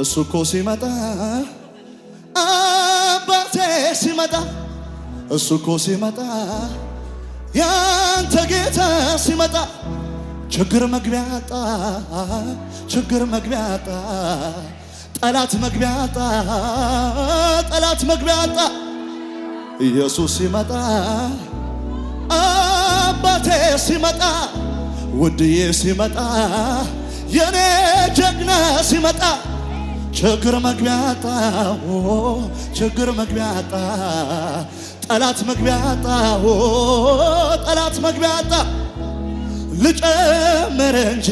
እሱ እኮ ሲመጣ አባቴ ሲመጣ እሱ እኮ ሲመጣ ያንተ ጌታ ሲመጣ ችግር መግቢያ አጣ፣ ችግር መግቢያ አጣ፣ ጠላት መግቢያ አጣ፣ ጠላት መግቢያ አጣ። ኢየሱስ ሲመጣ አባቴ ሲመጣ ውድዬ ሲመጣ የኔ ጀግና ሲመጣ ችግር መግቢያ አጣ፣ ችግር መግቢያ ጠላት መግቢያ ጠላት መግቢያ ልጨምር እንጂ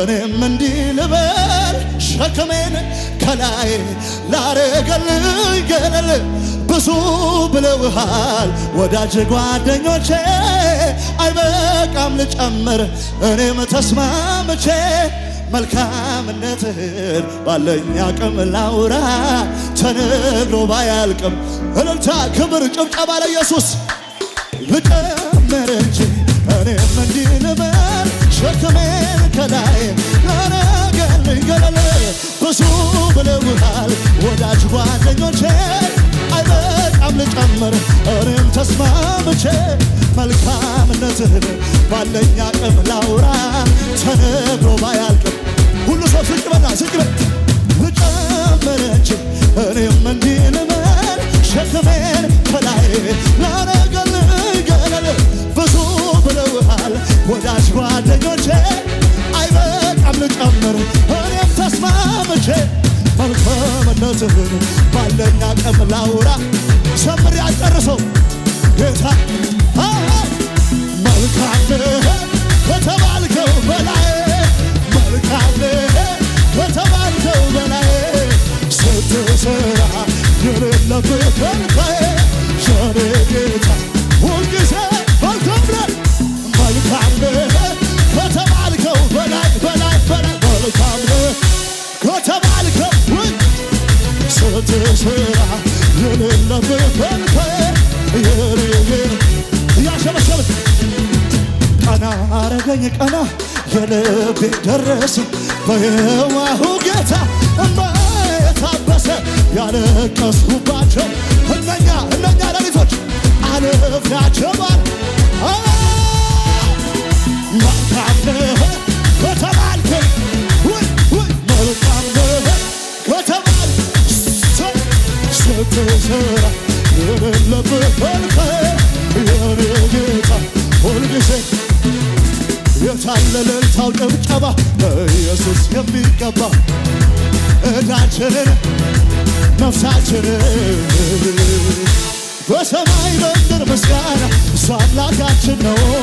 እኔም እንዲህ ልበል ሸክሜን ከላይ ላረገልኝ ገለል ብዙ ብለውሃል ወዳጅ ጓደኞቼ አይበቃም ልጨምር እኔም ተስማምቼ መልካምነትህን ባለኝ አቅም ላውራ ተነግሮ ባያልቅም እልልታ፣ ክብር፣ ጭብጨባ ለኢየሱስ ብጨምር እንጂ እኔም እንዲህ ልበል ሸክሜን ከላይ ላረገልኝ ገለል ብዙ ብለውሃል ወዳጅ ጓደኞቼ አይበቃም ልጨምር እኔም ተስማምቼ መልካምነትህን ባለኝ አቅም ላውራ ተነግሮ ባያልቅም ሁሉ ሰው ዝቅ በላ ዝቅ በል ጨመረችን እኔም እንዲህ ልበል ሸክሜን ከላይ ላረገልህ ገለል ብዙ ብለውሃል ወዳጅ ጓደኞቼ አይበቃም ልጨምር እኔም ተስማምቼ መልካምነትህን ባለኝ አቅም ላውራ ሰምር ያልጨርሰው ጌታ ቀና የልቤ ደረሰ በየዋሁ to know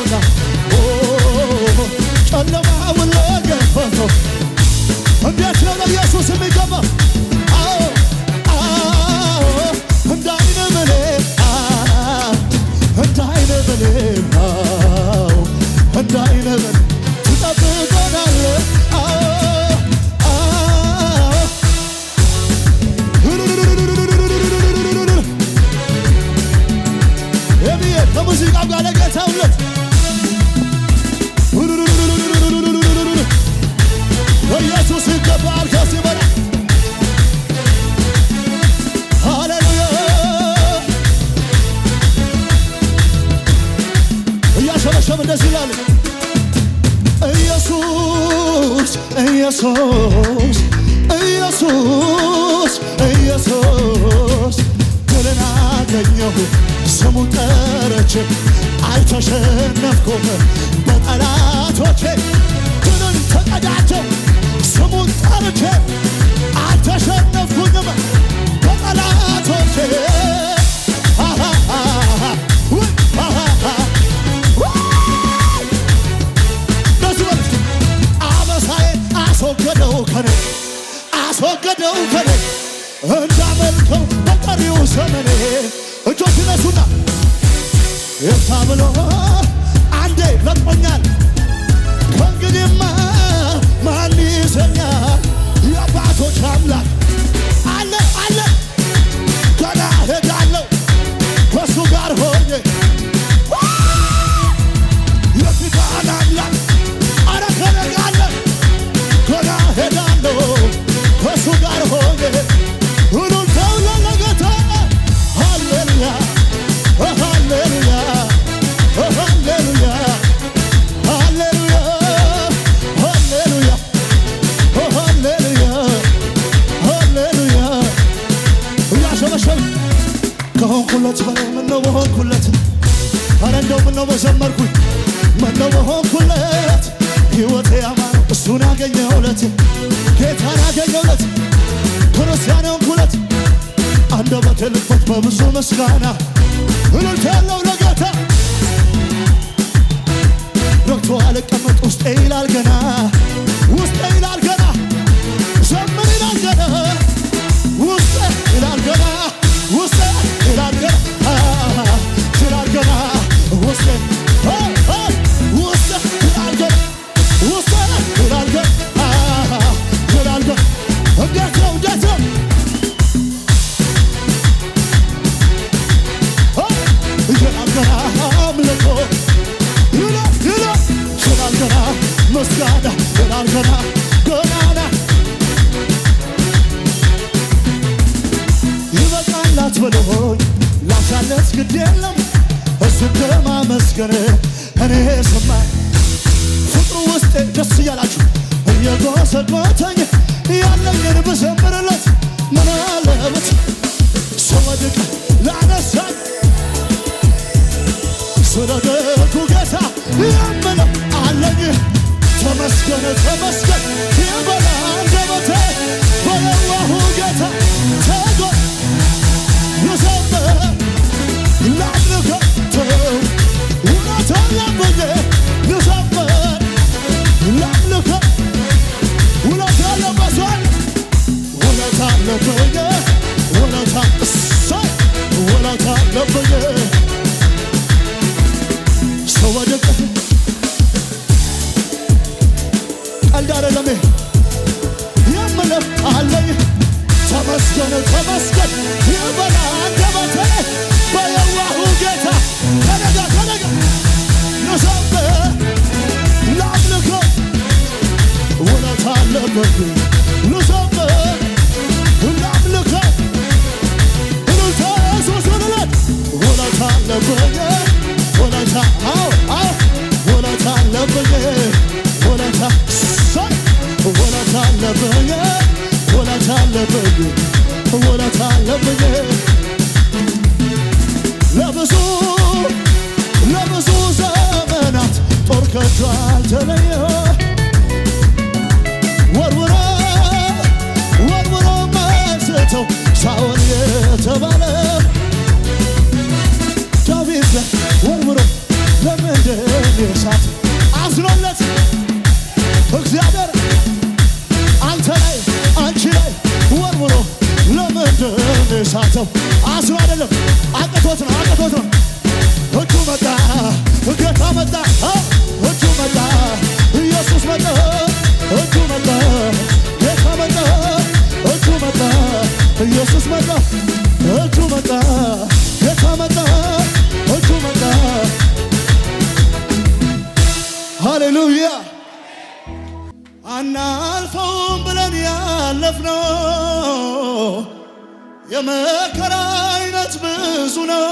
ኢየሱስ ኢየሱስ ኢየሱስ ድልን አገኘሁ ስሙን ጠርቼ አይተሸነፍኩም and I ምስጋና እልልታ ያለው ለጌታ ረግቶ አልቀመጥ ውስጤ ይላል ገና ውስጤ ይላል ግድ የለም እሱ ለማመስገን እኔ ስማ ፍቅሩ ውስጤ ደስ እያላችሁ እየጎሰጎተኝ ያለኝን ብዘምርለት ምናለበት ስወድቅ ላነሳኝ ስለ ደጉ ጌታ የምለው አለኝ ተመስገን ተመስገን ልሰብክ ልሰብክ ላምልክ እልልታ ሶስት ወለለት ለብዙ ለብዙ ዘመናት ጦር ከእጇ አልተለየው ሳኦል የተባለ አናልፈውም ብለን ያለፍነው የመከራ አይነት ብዙ ነው።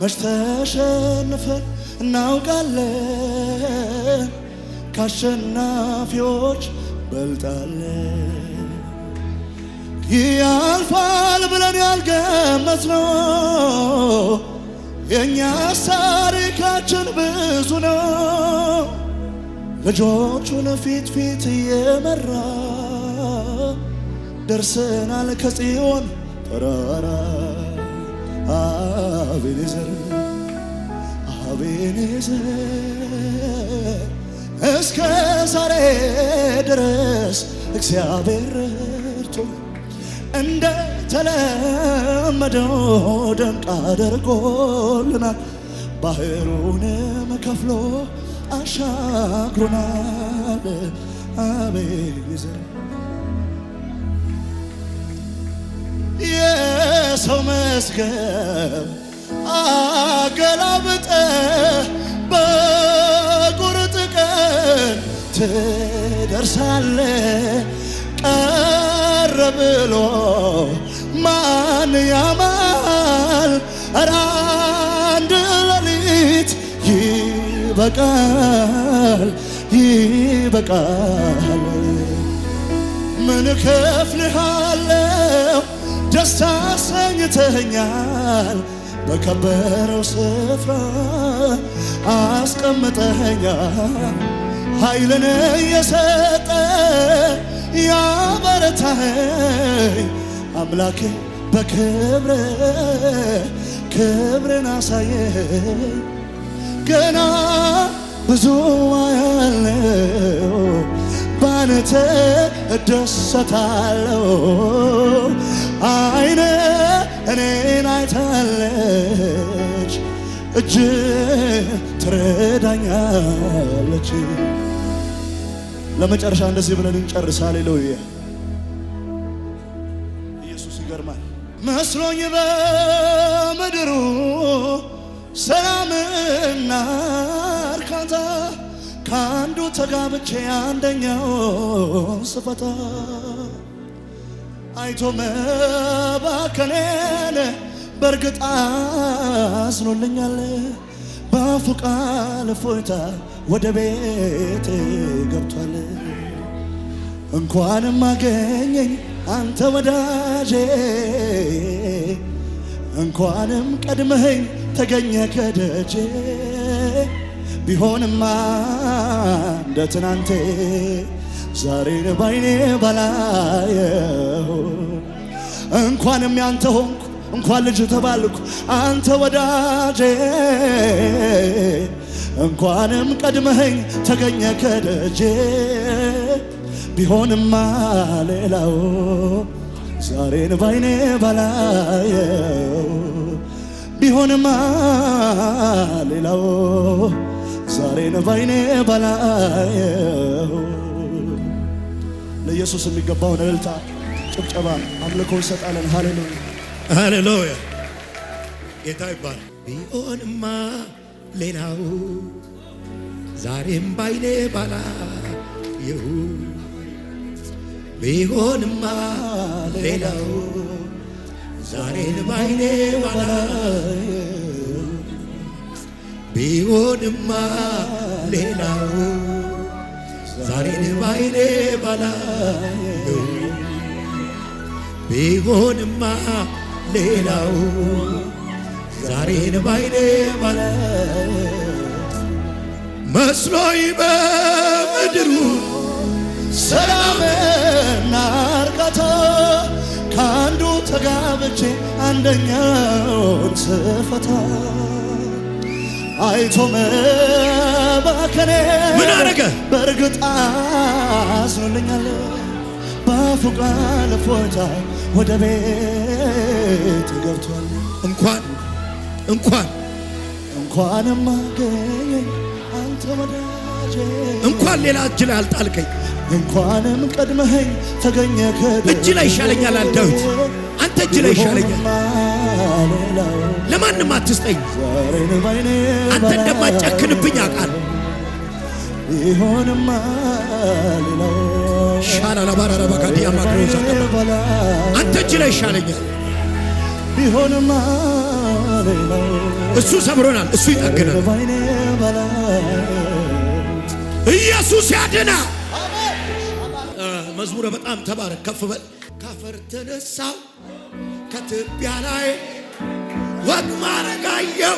መች ተሸንፈን እናውቃለን? ከአሸናፊዎች በልጣለን። ይህ ያልፋል ብለን ያልገመትነው የእኛ ታሪካችን ብዙ ነው። ልጆቹን ፊት ፊት እየመራ ደርሰናል ከጽዮን ተራራ። አቤኔዘር አቤኔዘር እስከ ዛሬ ድረስ እግዚአብሔር ረድቶ እንደ ተለመደው ድንቅ አድርጎልናል። ባህሩንም ከፍሎ አሻግሮናል። አቤዘ የሰው መዝገብ አገላብጠ በቁርጥ ቀን ትደርሳለ ቀረ ብሎ ማን ያማል ይበቃል ይበቃል። ምን ከፍልሃለው ደስታ አሰኝተኸኛል፣ በከበረው ስፍራ አስቀምጠኸኛል። ኃይልን የሰጠ ያበረታኸኝ አምላኬ በክብር ክብርን አሳየኝ ገና ብዙ ያለው ባንተ እደሰታለው አይነ እኔን አይታለች እጅ ትረዳኛለች። ለመጨረሻ እንደዚህ ብለን እንጨርስ። ሃሌሉያ ኢየሱስ ይገርማል መስሎኝ በምድሩ ሰላምና እርካታ ከአንዱ ተጋብቼ አንደኛው ስፈታ አይቶ መባከኔን በእርግጥ አዝኖልኛል። በአፉ ቃል እፎይታ ወደ ቤት ገብቷል። እንኳንም አገኘኝ አንተ ወዳጄ እንኳንም ቀድመኸኝ ተገኘ ከደጄ ቢሆንማ እንደ ትናንቴ ዛሬን ባይኔ ባላየሁ እንኳንም ያንተ ሆንኩ እንኳን ልጅ ተባልኩ አንተ ወዳጄ እንኳንም ቀድመኸኝ ተገኘ ከደጄ ቢሆንማ ሌላው ዛሬን ባይኔ ባላየው ቢሆንማ ሌላው ዛሬን ባይኔ ባላየው ለኢየሱስ የሚገባውን እልልታ፣ ጭብጨባ፣ አምልኮ እንሰጣለን። ሃሌሉያ ሃሌሉያ። ጌታ ይባላል። ቢሆንማ ሌላው ዛሬም ባይኔ ባላየው ቢሆንማ ሌላው ዛሬን ባይኔ ዋላይ ቢሆንማ ሌላው ዛሬን ባይኔ ባላይ ቢሆንማ ሌላው ዛሬን ባይኔ ባላይ መስሎኝ በምድሩ ሰላምና እርጋታ ተጋብቼ አንደኛውን ስፈታ አይቶ መባከኔ ምን አረገ? በእርግጥ አዝኖልኛል። ባፉ ቃል ፎታ ወደ ቤት ገብቷል። እንኳን እንኳን እንኳን አገኘኝ አንተ ወዳጄ እንኳን ሌላ እጅ ላይ አልጣልከኝ እንኳንም ቀድመኸኝ ተገኘ ከእጅ ላይ ይሻለኛል አልዳዊት አንተ እጅ ላይ ይሻለኛል። ለማንም አትስጠኝ። አንተ እንደማጨክንብኝ አውቃለሁ። አንተ እጅ ላይ ይሻለኛል። እሱ ሰብሮናል፣ እሱ ይጠግናል። ኢየሱስ ያድና። መዝሙረ በጣም ተባረክ፣ ከፍ በል አፈር ተነሳው ከትቢያ ላይ ወግ ማረጋየው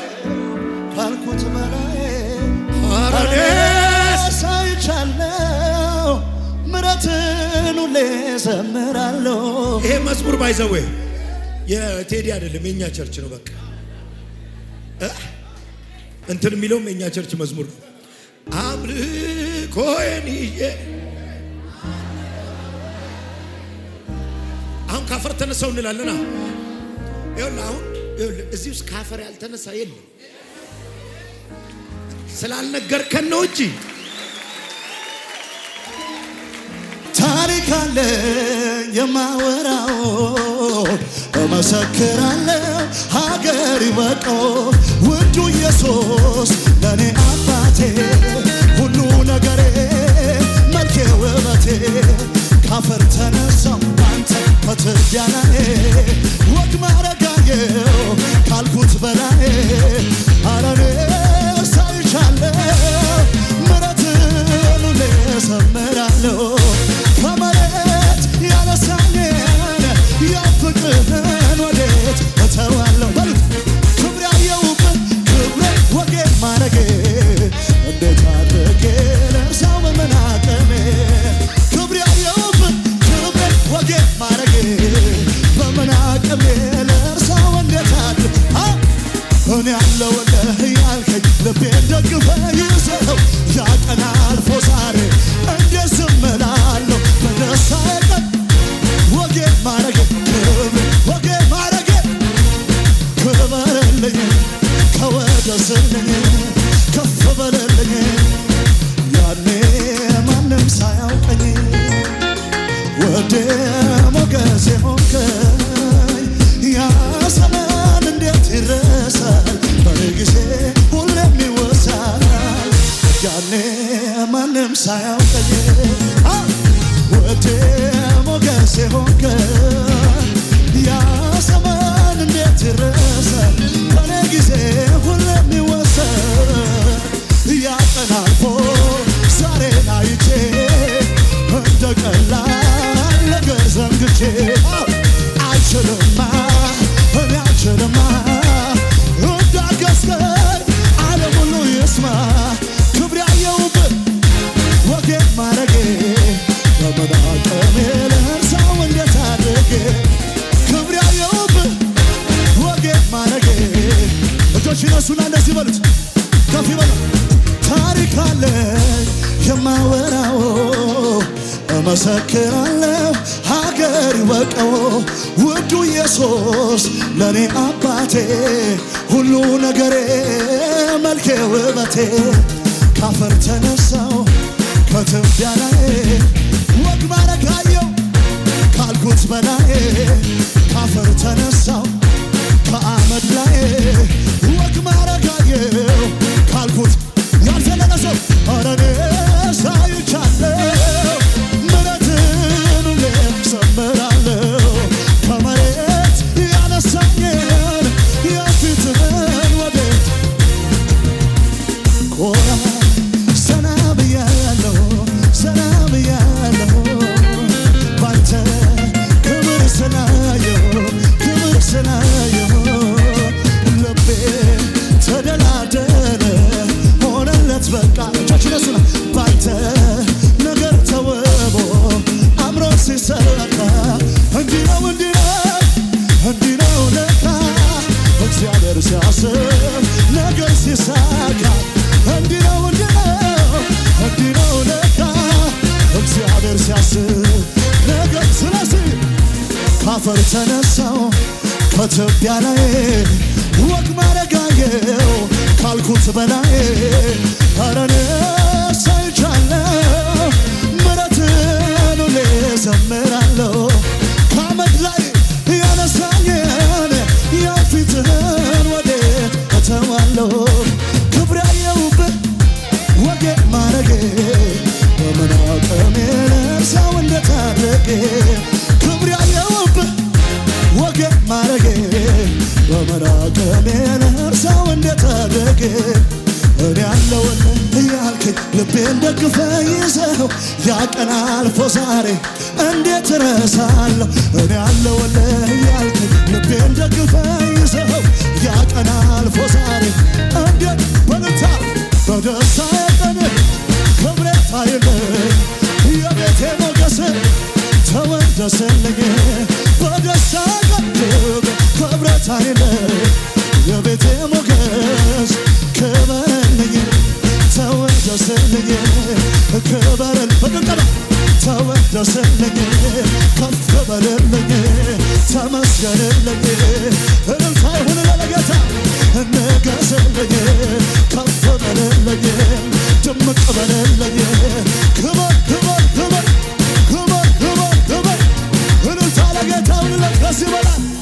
ካልኩት በላይ አረኔስ ምረትን ሁሌ ዘምራለሁ። ይሄ መዝሙር የቴዲ አይደለም የእኛ ቸርች ነው። በቃ እንትን የሚለውም ቸርች መዝሙር ነው። ካፈር ተነሳው እንላለና ይሁን። አሁን እዚህ ውስጥ ካፈር ያልተነሳ የለም። ስላልነገርከን ነው እንጂ ታሪክ አለ የማወራው እመሰክራለሁ ሀገር ይበቀው ውዱ ኢየሱስ ለእኔ አባቴ ሁሉ ነገሬ መልኬ ውበቴ ካፈርተን ጃናኔ the bed. sound. መሰክራለሁ ሀገር ይወቀው ውዱ ኢየሱስ ለእኔ አባቴ ሁሉ ነገሬ መልኬ ውበቴ ካፈር ተነሳው ከትቢያ ላይ ወግ ማረግ ካልኩት በላይ ካፈር ተነሳው ከአመድ ላይ ያሰለገ በደስታ ቀድብ ክብረት አይለ የቤቴ ሞገስ ክበረልኝ ተወደስልኝ ክበረል በቀቀለ ተወደስልኝ ከፍ በልልኝ ተመስገንልኝ እልልታ ይሁን ለለጌታ እንገስልኝ ከፍ በልልኝ ድምቅ በልልኝ ክበር ክበር ክበር Brasil, vai lá.